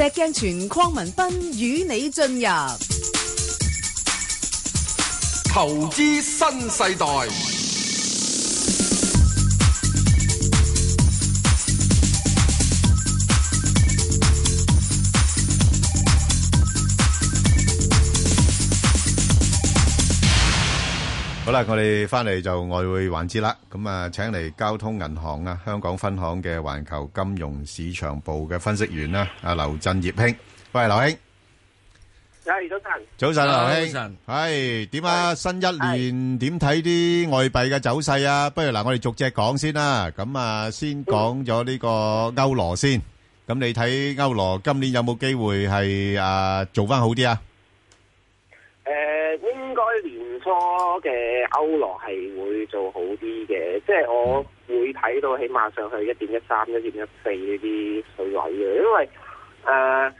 石鏡泉鄺民彬與你進入投資新世代。好啦，我哋翻嚟就外匯環節啦。咁啊，請嚟交通銀行啊香港分行嘅環球金融市場部嘅分析員啦，阿劉振業兄。喂，劉兄。係早晨。早晨，劉兄。早晨。係點啊？新一年點睇啲外幣嘅走勢啊？不如嗱，我哋逐隻講先啦。咁啊，先講咗呢個歐羅先。咁你睇歐羅今年有冇機會係啊做翻好啲啊？嘅歐羅係會做好啲嘅，即係我會睇到起碼上去一點一三、一點一四呢啲水位嘅，因為誒、呃，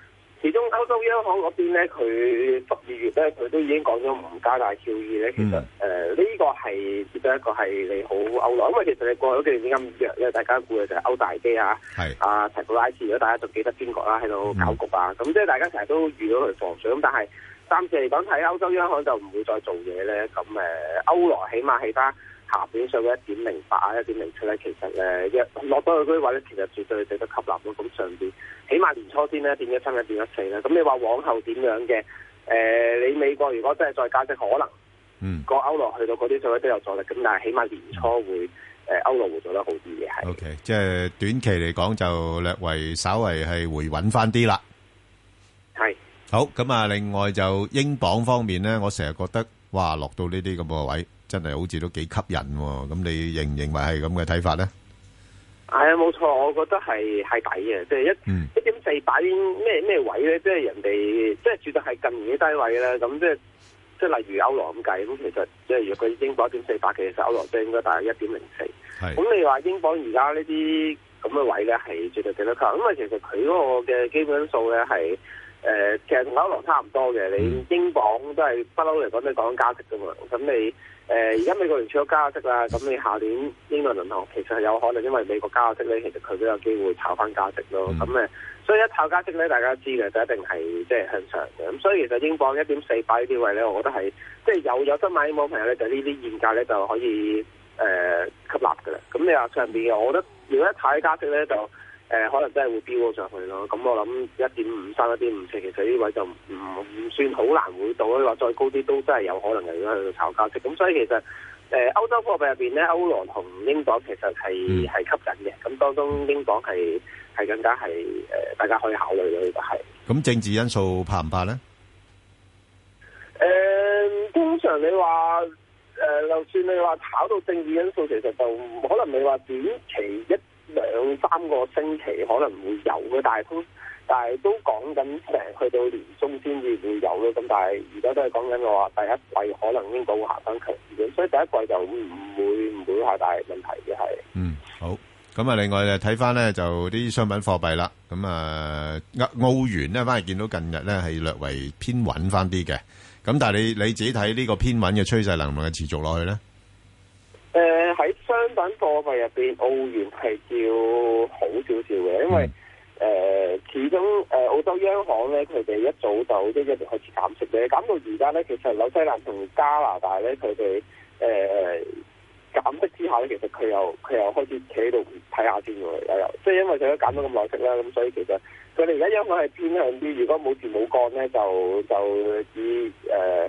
其中歐洲央行嗰邊咧，佢十二月咧，佢都已經講咗唔加大 QE 咧，其實誒，呢、嗯呃呢個係接咗一個係利好歐羅，因為其實你過去幾年啱約，因為大家估嘅就係歐大基啊，係啊是、呃，齊普拉斯，如果大家仲記得邊個啦、啊，喺度搞局啊，咁即係大家成日都遇到佢放水，咁但係。暫時嚟講，喺歐洲央行就唔會再做嘢咧。咁誒，歐羅起碼係翻下邊上嘅一點零八啊，一點零七咧，其實咧一落到去嗰位咧，其實絕對係值得吸納咯。咁上邊起碼年初先咧，點一三一點一四咧。咁你話往後點樣嘅？誒、呃，你美國如果真係再加息，可能嗯，個歐羅去到嗰啲位都有阻力。咁但係起碼年初會誒歐羅會做得好啲嘅，係。O、okay, K，即係短期嚟講就略為稍微係回穩翻啲啦。好咁啊！另外就英鎊方面咧，我成日覺得哇，落到呢啲咁嘅位，真係好似都幾吸引。咁你認唔認為係咁嘅睇法咧？係啊、哎，冇錯，我覺得係係抵嘅，即係一一點四八咩咩位咧，即係人哋即係絕對係近年幾低位啦。咁即係即係例如歐羅咁計，咁其實即係如果佢英鎊一點四八，其實歐羅即係應該大約一點零四。咁是你話英鎊而家呢啲咁嘅位咧，係絕對幾可靠，因為其實佢嗰個嘅基本數咧係。誒、呃，其實同歐羅差唔多嘅，你英鎊都係不嬲嚟講都講加息噶嘛，咁你誒而家美國聯儲咗加息啦，咁你下年英國銀行其實係有可能，因為美國加息咧，其實佢都有機會炒翻加息咯，咁誒、嗯，所以一炒加息咧，大家知嘅就一定係即係向上嘅，咁所以其實英鎊一點四八呢啲位咧，我覺得係即係有有得買英鎊朋友咧，就呢啲現價咧就可以誒、呃、吸納噶啦，咁你話上邊，我覺得如果一炒加息咧就。誒、呃，可能真係會飆上去咯。咁、嗯、我諗一點五三、一點五四，其實呢位就唔唔算好難會到。你話再高啲都真係有可能又要去炒加息。咁、嗯、所以其實誒，歐、呃、洲貨幣入邊咧，歐羅同英鎊其實係係吸引嘅。咁當中英鎊係係更加係誒、呃，大家可以考慮嘅。呢個係。咁、嗯、政治因素怕唔怕咧？誒、嗯，通常你話誒，就、呃、算你話炒到政治因素，其實就可能你話短期一。兩三個星期可能會有嘅，但係都但係都講緊成日去到年中先至會有嘅。咁但係而家都係講緊話第一季可能應該會行翻強啲，所以第一季就唔會唔會太大問題嘅係。嗯，好。咁啊，另外咧睇翻咧就啲商品貨幣啦，咁啊澳元咧反而見到近日咧係略為偏穩翻啲嘅。咁但係你你自己睇呢個偏穩嘅趨勢能唔能夠持續落去咧？貨幣入邊澳元係叫好少少嘅，因為誒始終誒澳洲央行咧，佢哋一早就即一直開始減息咧，減到而家咧，其實紐西蘭同加拿大咧，佢哋誒減息之下咧，其實佢又佢又開始企喺度睇下先嘅，有、呃、有，即係因為佢都減咗咁耐息啦，咁所以其實佢哋而家央行係偏向啲，如果冇事冇幹咧，就就以誒。呃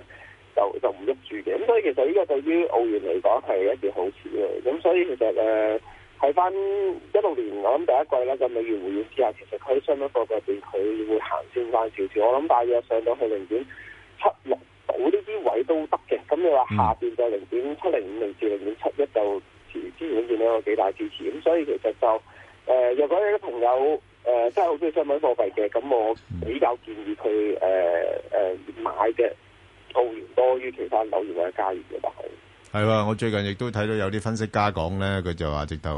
就就唔喐住嘅，咁所以其實呢個對於澳元嚟講係一件好事嘅。咁、嗯、所以其實誒睇翻一六年我諗第一季咧就美元回暖之下，其實喺商品貨幣入邊佢會行先慢少少。嗯、我諗大約上到去零點七六到呢啲位都得嘅。咁你話下邊就零點七零五零至零點七一就自然見到一個幾大支持。咁所以其實就誒，若、呃、果有啲朋友誒、呃、真係好中意商品貨幣嘅，咁我比較建議佢誒誒買嘅。於其他紐元或者加元嘅話，好，係喎。我最近亦都睇到有啲分析家講咧，佢就話直到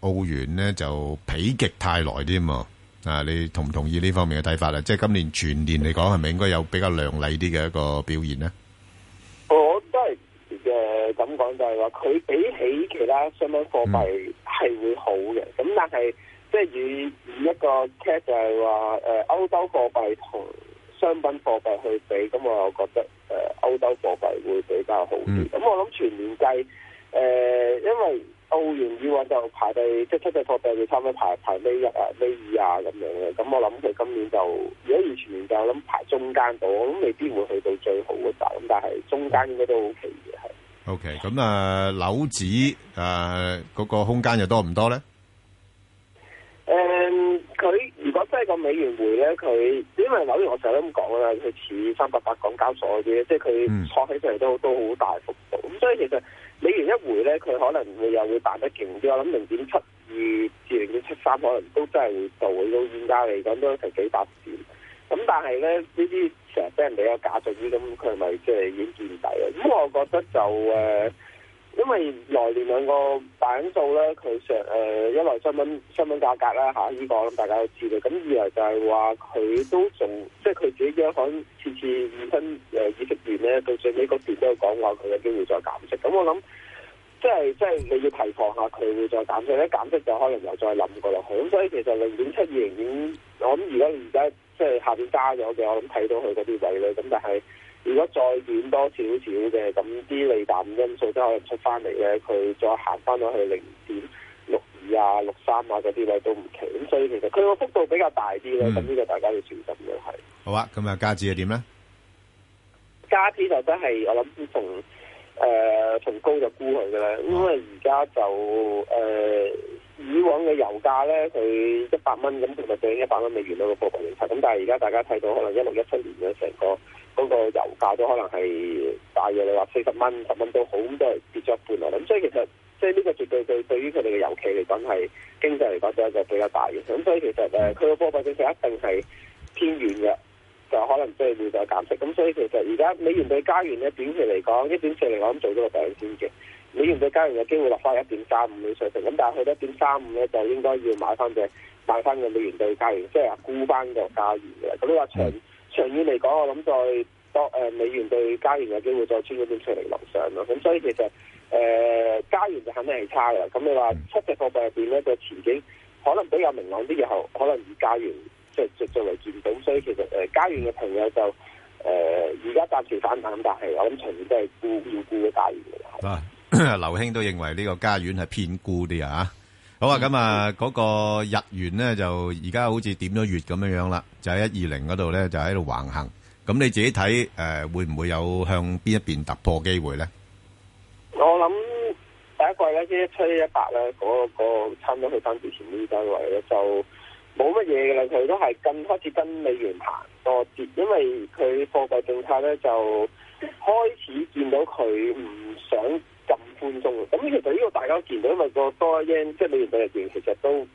澳元咧就否極泰來添啊！你同唔同意呢方面嘅睇法咧、啊？即係今年全年嚟講，係咪應該有比較靚麗啲嘅一個表現咧？我都係嘅，咁講就係話佢比起其他商品貨幣係會好嘅。咁、嗯、但係即係以以一個睇就係話誒歐洲貨幣同商品貨幣去比，咁、嗯、我又覺得。澳洲貨幣會比較好啲，咁、嗯嗯、我諗全年計，誒、呃，因為澳元以往就排第，即出世貨幣要差唔多排排尾一啊、尾二啊咁樣嘅，咁、嗯、我諗佢今年就如果以全年計，我諗排中間度，我諗未必會去到最好嘅時候，咁但係中間應該都奇 OK 嘅、嗯，係、嗯。O K，咁啊，樓指誒嗰個空間又多唔多咧？誒、嗯，佢。即係個美元匯咧，佢因為紐約我成日都咁講啦，佢似三百八港交所嗰啲，即係佢創起上嚟都都好大幅度，咁所以其實美元一回咧，佢可能會又會彈得勁啲，我諗零點七二至零點七三可能都真係會到，到現價嚟講都係幾百點，咁但係咧呢啲成日俾人哋有假象啲，咁佢係咪即係已經見底啦？咁我覺得就誒。因為來年兩個版數咧，佢上誒一來商品商品價格咧吓，呢個我諗大家都知道。咁二嚟就係話佢都仲即係佢自己央行，次次五分誒二十年咧到最尾嗰段都有講話佢有機會再減息。咁我諗即係即係你要提防下佢會再減息咧，減息就可能又再諗過落去。咁所以其實零點七二零點，我諗而家而家即係下邊加咗嘅，我諗睇到佢嗰啲位咧，咁但係。如果再軟多少少嘅，咁啲利淡因素都可能出翻嚟咧。佢再行翻落去零點六二啊、六三啊嗰啲位都唔奇。咁所以其實佢個幅度比較大啲咧。咁呢個大家要小心嘅係。好啊，咁啊，加字又點咧、就是？加字就真係我諗，從、呃、誒從高就沽佢嘅啦。因為而家就誒、呃、以往嘅油價咧，佢一百蚊咁，同埋對應一百蚊美元到、嗰個波幅嚟睇。咁但係而家大家睇到可能一六一七年嘅成個。嗰個油價都可能係大約你話四十蚊、十蚊都好咁，都係跌咗一半啦。咁所以其實即係呢個絕對對對於佢哋嘅油企嚟講係經濟嚟講,濟講就係一個比較大嘅。咁所以其實誒佢個貨幣政策一定係偏軟嘅，就可能對面就減息。咁所以其實而家美元對加元咧短期嚟講一點四零我諗做咗個頂先嘅。美元對加元有機會落翻一點三五嘅水平，咁但係去到一點三五咧就應該要買翻嘅買翻嘅美元對加元，即係沽翻嘅加元嘅。咁呢個陳？長遠嚟講，我諗再多誒、呃、美元對加元有機會再穿咗邊出嚟。樓上咯，咁所以其實誒、呃、加元就肯定係差嘅。咁你話七隻貨幣入邊咧嘅前景可能比較明朗啲，然後可能以加元即係作作為見到，所以其實誒、呃、加元嘅朋友就誒而家暫時反反彈，但係我諗長遠都係沽要沽嘅加元嚟嘅。嗱、啊，劉興都認為呢個加元係偏沽啲啊。好啊，咁啊，嗰個日元咧就而家好似點咗月咁樣樣啦，就喺一二零嗰度咧就喺度橫行。咁你自己睇誒、呃，會唔會有向邊一邊突破機會咧？我諗第一季咧，即係出一八咧，嗰、嗰個差唔多去翻之前單呢個位嘅，就冇乜嘢嘅啦。佢都係近開始跟美元行多啲，因為佢貨幣政策咧就開始見到佢唔想。咁寬鬆，咁其實呢個大家見到，因為個多一 year 即係美元對日元，其實都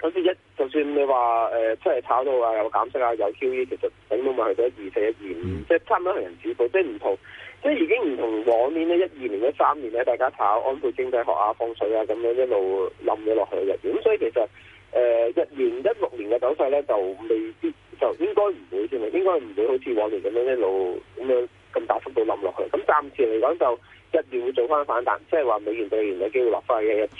好似一，就算你話誒、呃、出嚟炒到話有，有減息啊，有 QE，其實頂到咪去到一二四一二五，嗯、即係差唔多係人主導，即係唔同，即係已經唔同往年呢一二年、一三年咧，大家炒安倍經濟學啊、放水啊，咁樣一路冧咗落去嘅。咁所以其實誒一、呃、年、一六年嘅走勢咧，就未必，就應該唔會先啦，應該唔會好似往年咁樣一路咁樣咁大幅度冧落去。咁暫時嚟講就。一要做翻反彈，即係話美元兌元嘅機會落翻去一一七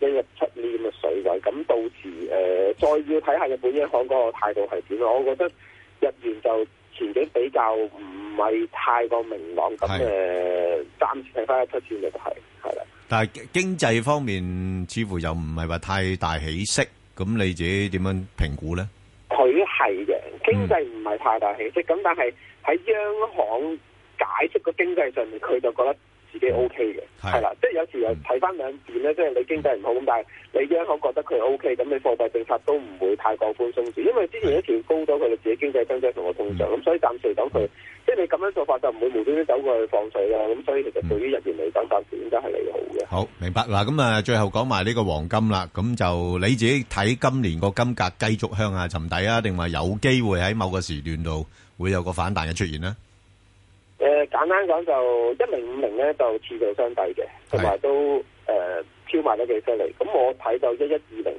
一一七呢啲咁嘅水位，咁到時誒、呃、再要睇下日本央行嗰個態度係點咯。我覺得日元就前景比較唔係太過明朗，咁誒是暫時睇翻一七線嘅係係啦。但係經濟方面似乎又唔係話太大起色，咁你自己點樣評估咧？佢係嘅經濟唔係太大起色，咁、嗯、但係喺央行解釋個經濟上面，佢就覺得。自己 O K 嘅，係啦，即係有時又睇翻兩點咧，即係你經濟唔好咁，但係你央行覺得佢 O K，咁你貨幣政策都唔會太過寬鬆住，因為之前一條高咗佢哋，自己經濟增長同個通脹，咁所以暫時等佢，即係你咁樣做法就唔會無端端走過去放水啦，咁所以其實對於日圓嚟講暫時應該都係利好嘅。好，明白嗱，咁啊，最後講埋呢個黃金啦，咁就你自己睇今年個金價繼續向下沉底啊，定話有機會喺某個時段度會有個反彈嘅出現呢？簡單講就一零五零咧，就次續相對嘅，同埋都誒超賣得幾犀利。咁我睇到一一二零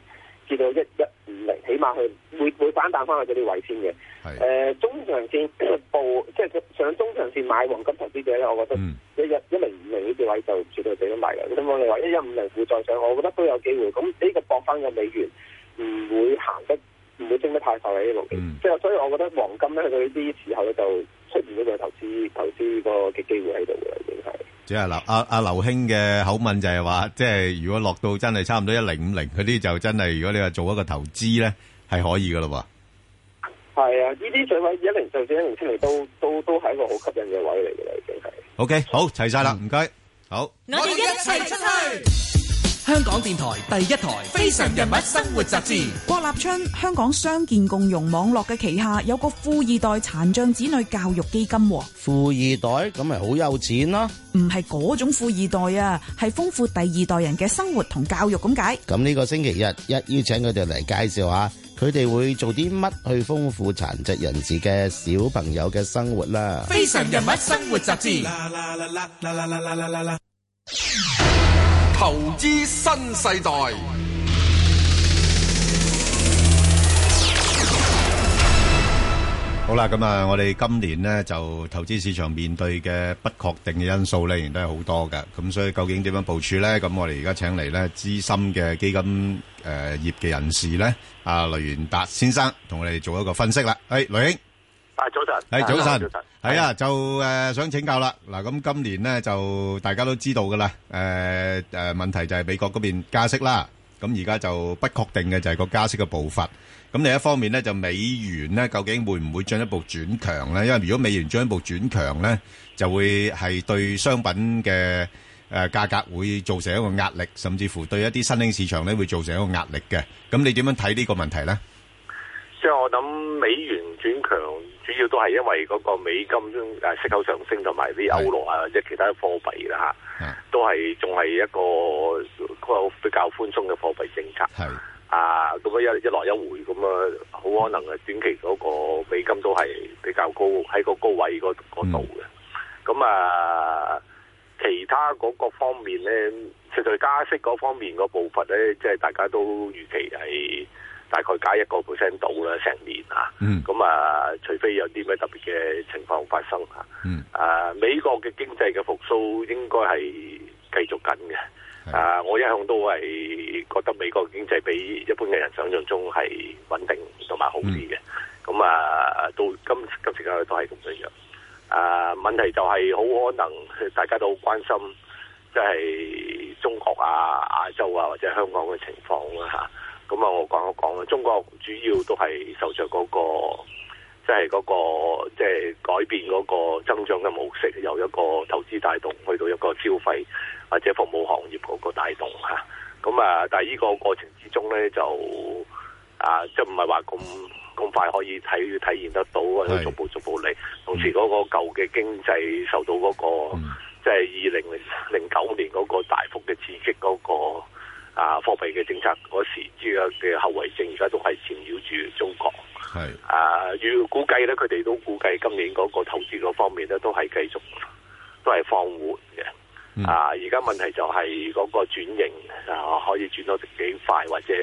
至到一一五零，起碼佢會會反彈翻去嗰啲位先嘅。誒對、呃，中長線報即係上中長線買黃金投資者咧，我覺得一一一零五零呢啲位就絕對係值得買嘅。咁、mm. 我哋話一一五零會再上，我覺得都有機會。咁呢個博翻嘅美元唔會行得唔會升得太快、mm.。喺啲度嘅。即係所以我覺得黃金咧喺呢啲時候咧就。出現咁嘅投資，投資個嘅機會喺度嘅，已經係、啊。即係劉阿阿劉兄嘅口吻就係話，即係如果落到真係差唔多一零五零，嗰啲就真係如果你話做一個投資咧，係可以嘅咯喎。係啊，呢啲最尾一零就算一零七零都都都係一個好吸引嘅位嚟嘅啦，已經係。OK，好，齊晒啦，唔該、嗯，好。我哋一齊出去。香港電台第一台《非常人物生活雜誌》，郭立春，香港傷健共融網絡嘅旗下有個富二代殘障子女教育基金，富二代咁咪好有錢咯、啊？唔係嗰種富二代啊，係豐富第二代人嘅生活同教育咁解。咁呢個星期日一於請佢哋嚟介紹下，佢哋會做啲乜去豐富殘疾人士嘅小朋友嘅生活啦、啊？《非常人物生活雜誌》。投資新世代。好啦，咁啊，我哋今年呢就投資市場面對嘅不確定嘅因素呢，仍然都係好多噶。咁所以究竟點樣部署呢？咁我哋而家請嚟呢資深嘅基金誒業嘅人士呢，阿雷賢達先生同我哋做一個分析啦。係雷英。係早晨，係早晨，係啊！就誒，想請教啦。嗱，咁今年呢就大家都知道噶啦。誒誒，問題就係美國嗰邊加息啦。咁而家就不確定嘅就係個加息嘅步伐。咁另一方面呢，就美元呢究竟會唔會進一步轉強呢？因為如果美元進一步轉強呢，就會係對商品嘅誒價格會造成一個壓力，甚至乎對一啲新興市場呢會造成一個壓力嘅。咁你點樣睇呢個問題呢？即係我諗美元轉強，主要都係因為嗰個美金誒息口上升，同埋啲歐羅啊，或者是其他貨幣啦吓，都係仲係一個比較寬鬆嘅貨幣政策。是啊，咁樣一來一來一回咁啊，好可能啊，短期嗰個美金都係比較高喺個高位嗰度嘅。咁、嗯、啊，其他嗰個方面咧，即係加息嗰方面個步伐咧，即、就、係、是、大家都預期係。大概加一個 percent 度啦，成年啊，咁啊，除非有啲咩特別嘅情況發生啊，啊，美國嘅經濟嘅復甦應該係繼續緊嘅，啊，我一向都係覺得美國經濟比一般嘅人想象中係穩定同埋好啲嘅，咁啊，到今今時今日都係咁樣樣，啊，問題就係好可能大家都好關心，即係中國啊、亞洲啊或者香港嘅情況啦嚇。咁啊、嗯，我講一講啦。中國主要都係受着嗰、那個，即係嗰個，即、就、係、是、改變嗰個增長嘅模式，由一個投資帶動去到一個消費或者服務行業嗰個帶動吓。咁啊，但係呢個過程之中咧，就啊，即係唔係話咁咁快可以體體現得到，都逐步逐步嚟。是同時嗰個舊嘅經濟受到嗰、那個，即係二零零九年嗰個大幅嘅刺激嗰、那個。啊，貨幣嘅政策嗰時，呢個嘅後遺症而家都係纏繞住中國。係是啊，預估計咧，佢哋都估計今年嗰個投資嗰方面咧，都係繼續都係放緩嘅。嗯、啊，而家問題就係嗰個轉型啊，可以轉到幾快，或者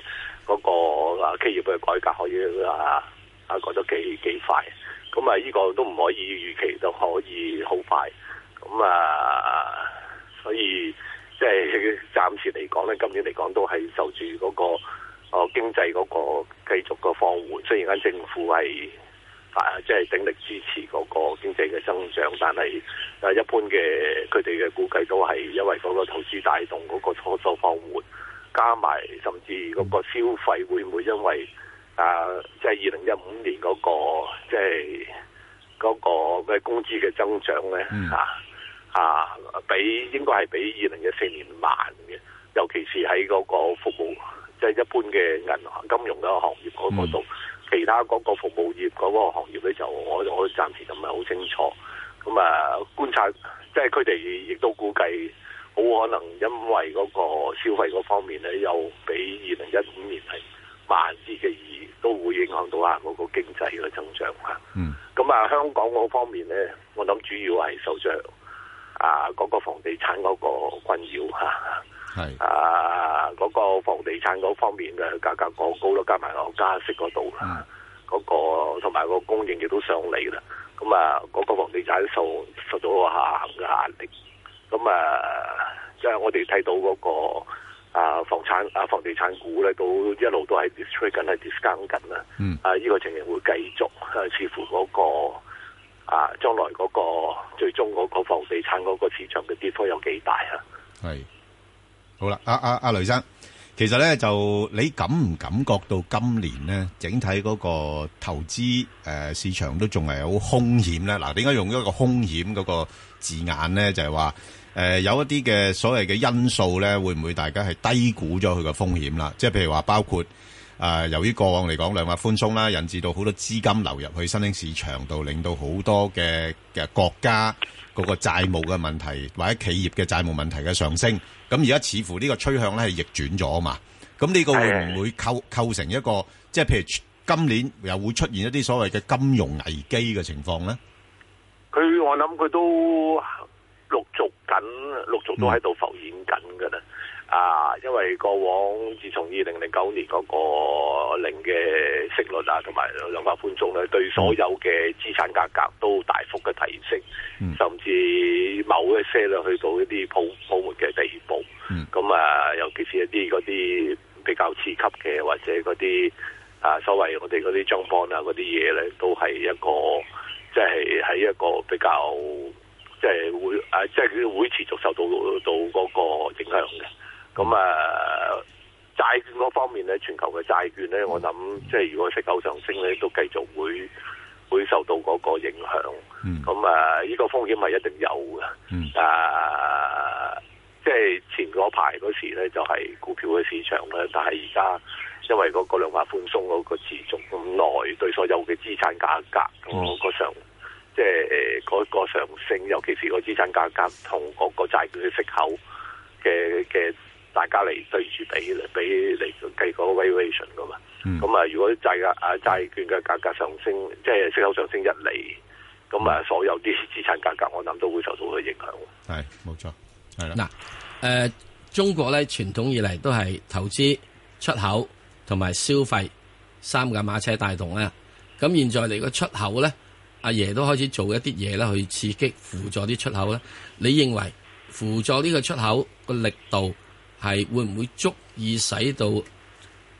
嗰、那個、啊、企業嘅改革可以啊啊，過、啊、得幾幾快。咁啊，呢個都唔可以預期到可以好快。咁啊，所以。即係暫時嚟講咧，今年嚟講都係受住嗰個哦經濟嗰個繼續個放緩。雖然間政府係啊，即係鼎力支持嗰個經濟嘅增長，但係誒一般嘅佢哋嘅估計都係因為嗰個投資帶動嗰個初手放緩，加埋甚至嗰個消費會唔會因為啊，即係二零一五年嗰個即係嗰個嘅工資嘅增長咧嚇？啊啊，比應該係比二零一四年慢嘅，尤其是喺嗰個服務，即係一般嘅銀行金融嗰個行業嗰個度，嗯、其他嗰個服務業嗰個行業咧就我我暫時咁唔係好清楚。咁啊，觀察即係佢哋亦都估計，好可能因為嗰個消費嗰方面咧，又比二零一五年係慢啲嘅意義都會影響到啊嗰個經濟嘅增長吓。嗯。咁啊，香港嗰方面咧，我諗主要係受着。啊！嗰、那個房地產嗰個困擾嚇，係是啊！嗰、那個房地產嗰方面嘅價格過高咯，加埋、那個加息嗰度，嗰個同埋個供應亦都上嚟啦。咁啊，嗰個房地產受受咗下行嘅壓力。咁啊，即、就、係、是、我哋睇到嗰個啊房產啊房地產股咧，都一路都係 discount 緊，係 discount 緊啊！啊，呢個情形會繼續似乎嗰、那個。啊！將來嗰個最終嗰個房地產嗰個市場嘅跌幅有幾大啊？係好啦，阿阿阿雷生，其實呢，就你感唔感覺到今年呢，整體嗰個投資誒、呃、市場都仲係好兇險呢？嗱、啊，點解用一個兇險嗰個字眼呢？就係話誒有一啲嘅所謂嘅因素呢，會唔會大家係低估咗佢嘅風險啦？即係譬如話包括。誒、呃，由於過往嚟講量化寬鬆啦，引致到好多資金流入去新興市場度，令到好多嘅嘅國家嗰個債務嘅問題，或者企業嘅債務問題嘅上升。咁而家似乎呢個趨向咧係逆轉咗啊嘛。咁呢個會唔會構構成一個，的即係譬如今年又會出現一啲所謂嘅金融危機嘅情況咧？佢我諗佢都陸續緊，陸續都喺度浮現緊㗎啦。啊，因為過往自從二零零九年嗰個零嘅息率啊，同埋量化寬鬆咧，對所有嘅資產價格都大幅嘅提升，嗯、甚至某一些咧去到一啲泡、泡沫嘅地步。咁啊、嗯嗯，尤其是一啲嗰啲比較次級嘅，或者嗰啲啊所謂我哋嗰啲 junk bond 啊嗰啲嘢咧，都係一個即係喺一個比較即係、就是、會啊，即、就、係、是、會持續受到到嗰個影響嘅。咁啊，債券嗰方面咧，全球嘅債券咧，嗯、我諗即係如果息口上升咧，都繼續會會受到嗰個影響。咁啊、嗯，呢、這個風險係一定有嘅。嗯、啊，即係前嗰排嗰時咧，就係股票嘅市場咧，但係而家因為嗰個量化寬鬆嗰個持續咁耐，對所有嘅資產價格嗰、嗯嗯、個上，即係誒嗰個上升，尤其是個資產價格同嗰個債券嘅息口嘅嘅。大家嚟對住比嚟，比嚟計嗰個 valuation 噶嘛。咁、嗯、啊，如果債額啊債券嘅價格上升，即、就、係、是、息口上升一嚟，咁啊，所,所有啲資產價格我諗都會受到嘅影響。係冇錯，係啦。嗱，誒、呃、中國咧，傳統以嚟都係投資、出口同埋消費三架馬車帶動啊。咁現在嚟個出口咧，阿爺,爺都開始做一啲嘢咧，去刺激輔助啲出口咧。你認為輔助呢個出口個力度？係會唔會足以使到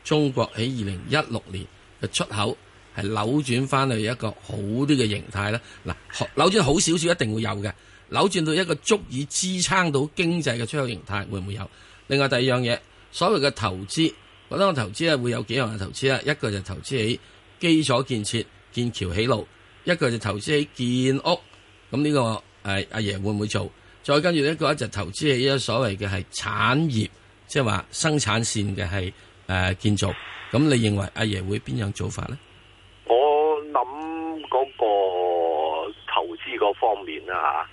中國喺二零一六年嘅出口係扭轉翻去一個好啲嘅形態咧？嗱，扭轉好少少一定會有嘅，扭轉到一個足以支撐到經濟嘅出口形態會唔會有？另外第二樣嘢，所謂嘅投資，我諗我投資咧會有幾樣嘅投資啦，一個就投資喺基礎建設、建橋起路，一個就投資喺建屋。咁呢個誒阿爺會唔會做？再跟住呢，嗰一就投資喺一所謂嘅係產業，即係話生產線嘅係誒建造。咁你認為阿爺會邊樣做法咧？我諗嗰個投資嗰方面啊，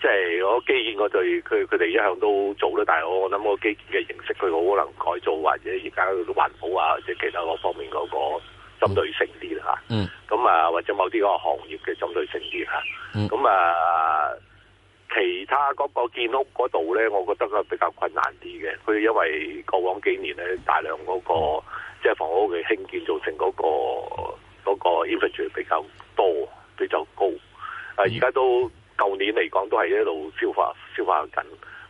即係我基建我，我對佢佢哋一向都做啦。但係我諗個基建嘅形式，佢好可能改造，或者而家嗰啲環保啊，或者其他嗰方面嗰個針對性啲啦嗯。咁啊，或者某啲嗰個行業嘅針對性啲嚇、啊嗯嗯。嗯。咁啊。其他嗰個建屋嗰度咧，我覺得比較困難啲嘅，佢因為過往幾年咧大量嗰、那個即係、就是、房屋嘅興建造成嗰、那個嗰、那個 inventory 比較多，比較高，啊而家都舊年嚟講都係一路消化消化緊，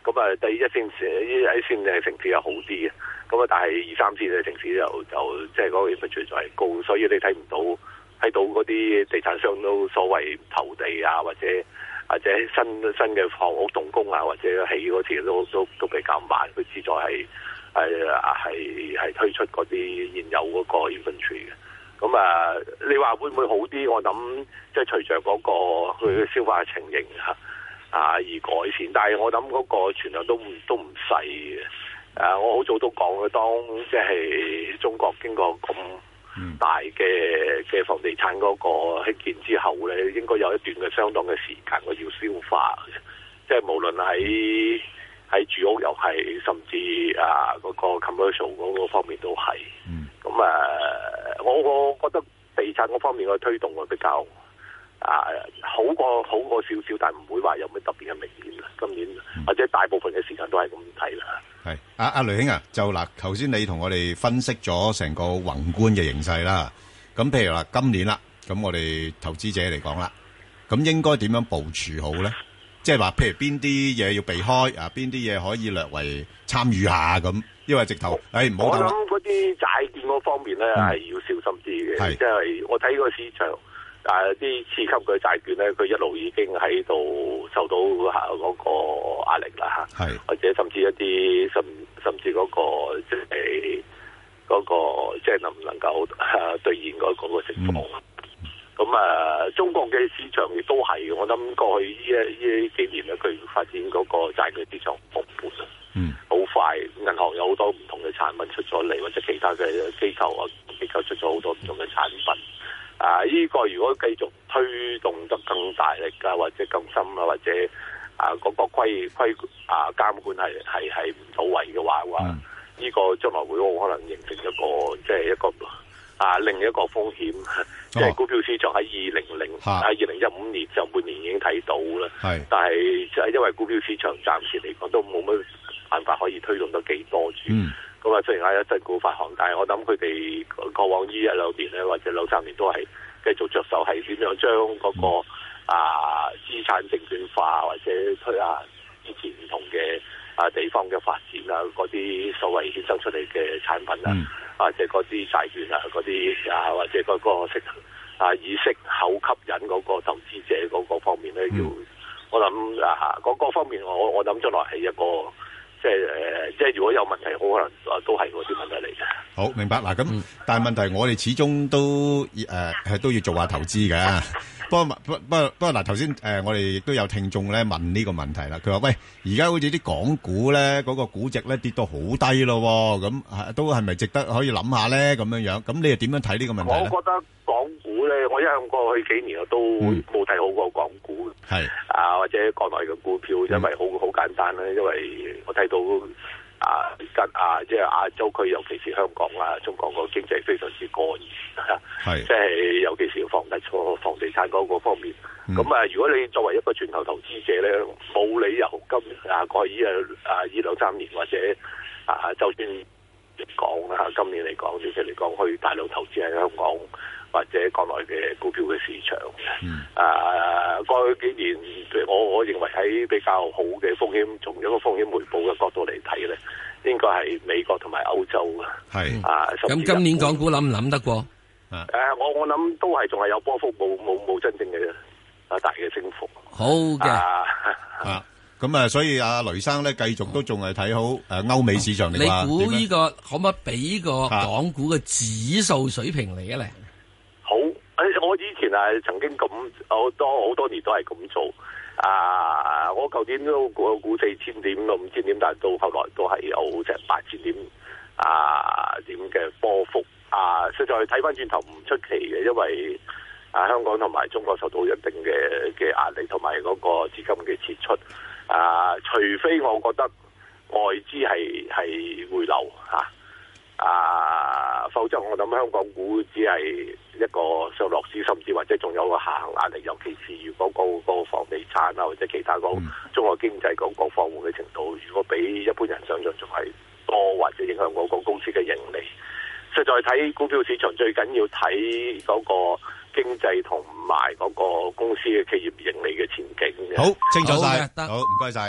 咁、嗯、啊第一線市、一線嘅城市又好啲嘅，咁、嗯、啊但係二三線嘅城市又就即係嗰個 inventory 就係高，所以你睇唔到睇到嗰啲地產商都所謂投地啊或者。或者新新嘅房屋動工啊，或者起嗰次都都都比較慢，佢始要係係係係推出嗰啲現有嗰個 event 嘅。咁、嗯、啊，你話會唔會好啲？我諗即係隨着嗰、嗰個佢消化情形嚇啊，啊而改善。但係我諗嗰個存量都唔都唔細嘅。誒、啊，我好早都講咗，當即係中國經過咁。嗯、大嘅嘅房地產嗰個興建之後咧，應該有一段嘅相當嘅時間我要消化，即係無論喺喺住屋又係，甚至啊嗰、嗰個 commercial 嗰個方面都係。咁、嗯、啊，我我覺得地產嗰方面嘅推動比較啊好過好過少少，但係唔會話有咩特別嘅明顯啦。今年、嗯、或者大部分嘅時間都係咁睇啦。係阿阿雷兄啊，就，嗱，頭先你同我哋分析咗成個宏觀嘅形勢啦。咁譬如話，今年啦，咁我哋投資者嚟講啦，咁應該點樣部署好咧？即係話，譬如邊啲嘢要避開啊，邊啲嘢可以略為參與下咁，因為直頭，誒我，唔好，哎。諗嗰啲債券嗰方面咧，係、嗯、要小心啲嘅，即係是我睇個市場。誒啲、啊、次級嘅債券咧，佢一路已經喺度受到嚇嗰、啊那個壓力啦嚇，是或者甚至一啲甚甚至嗰、那個即係嗰、那個即係能唔能夠嚇兌現嗰個情況。咁、嗯、啊，中國嘅市場亦都係，我諗過去呢一依幾年咧，佢發展嗰個債券市場蓬勃啊，嗯，好快。銀行有好多唔同嘅產品出咗嚟，或者其他嘅機構啊機構出咗好多唔同嘅產品。嗯啊！依、這個如果繼續推動得更大力啊，或者更深啊，或者啊嗰個規規啊監管係係係唔到位嘅話，話呢、嗯、個將來會可能形成一個即係、就是、一個啊另一個風險。哦、即係股票市場喺二零零喺二零一五年上半年已經睇到啦。係是，但係就係因為股票市場暫時嚟講都冇乜辦法可以推動得幾多住。嗯咁啊，雖然係一隻股發行，但係我諗佢哋過往呢一兩年咧，或者兩三年都係繼續着手係點樣將嗰、那個、嗯、啊資產證券化，或者推下之前唔同嘅啊地方嘅發展啊，嗰啲所謂衍生出嚟嘅產品、嗯、啊，或者嗰啲債券啊，嗰啲啊或者嗰個息啊，以息口吸引嗰個投資者嗰個方面咧，嗯、要我諗啊，嗰、那、嗰、個、方面我我諗咗落嚟係一個。即係如果有問題，我可能啊都係嗰啲問題嚟嘅。好，明白嗱。咁但係問題係，我哋始終都誒係都要做下投資嘅。不過不不不嗱，頭先誒我哋亦都有聽眾咧問呢個問題啦。佢話：喂，而家好似啲港股咧，嗰個估值咧跌到好低咯。咁都係咪值得可以諗下咧？咁樣樣咁你又點樣睇呢個問題咧？我覺得港股咧，我一向過去幾年啊都冇睇好過港股，係啊或者國內嘅股票，因為好好簡單啦，因為我睇到。啊，跟啊，即係亞洲區，尤其是香港啦、啊，中國個經濟非常之過熱，係即係尤其是放低咗房地產嗰方面。咁啊，如果你作為一個全球投資者咧，冇 理由今啊過去啊啊依兩三年或者啊就算，講啦，今年嚟講，短期嚟講，去大陸投資喺香港或者國內嘅股票嘅市場嘅。嗯、啊，過去幾年，我我認為喺比較好嘅風險，從一個風險回報嘅角度嚟睇咧，應該係美國同埋歐洲嘅。係是啊，咁今年港股諗唔諗得喎。誒、啊，我我諗都係仲係有波幅，冇冇冇真正嘅啊大嘅升幅。好嘅的。啊好咁啊、嗯，所以阿雷生咧，繼續都仲係睇好誒歐美市場嚟你估、這個、呢個可唔可以俾個港股嘅指數水平嚟一嚟好，我以前啊曾經咁，好多好多年都係咁做啊。我舊年都過估四千點到五千點，但係到後來都係有成八千點啊點嘅波幅啊。實在睇返轉頭唔出奇嘅，因為啊香港同埋中國受到一定嘅嘅壓力，同埋嗰個資金嘅撤出。啊，除非我覺得外資係係回流嚇，啊，否則我諗香港股只係一個上落市，甚至或者仲有個下行壓力。尤其是如果個個房地產啦或者其他個中國經濟嗰個放緩嘅程度，如果比一般人想象仲係多，或者影響個個公司嘅盈利。實在睇股票市場最緊要睇嗰個。經濟同埋嗰個公司嘅企業盈利嘅前景。好，清楚晒，好唔該晒。行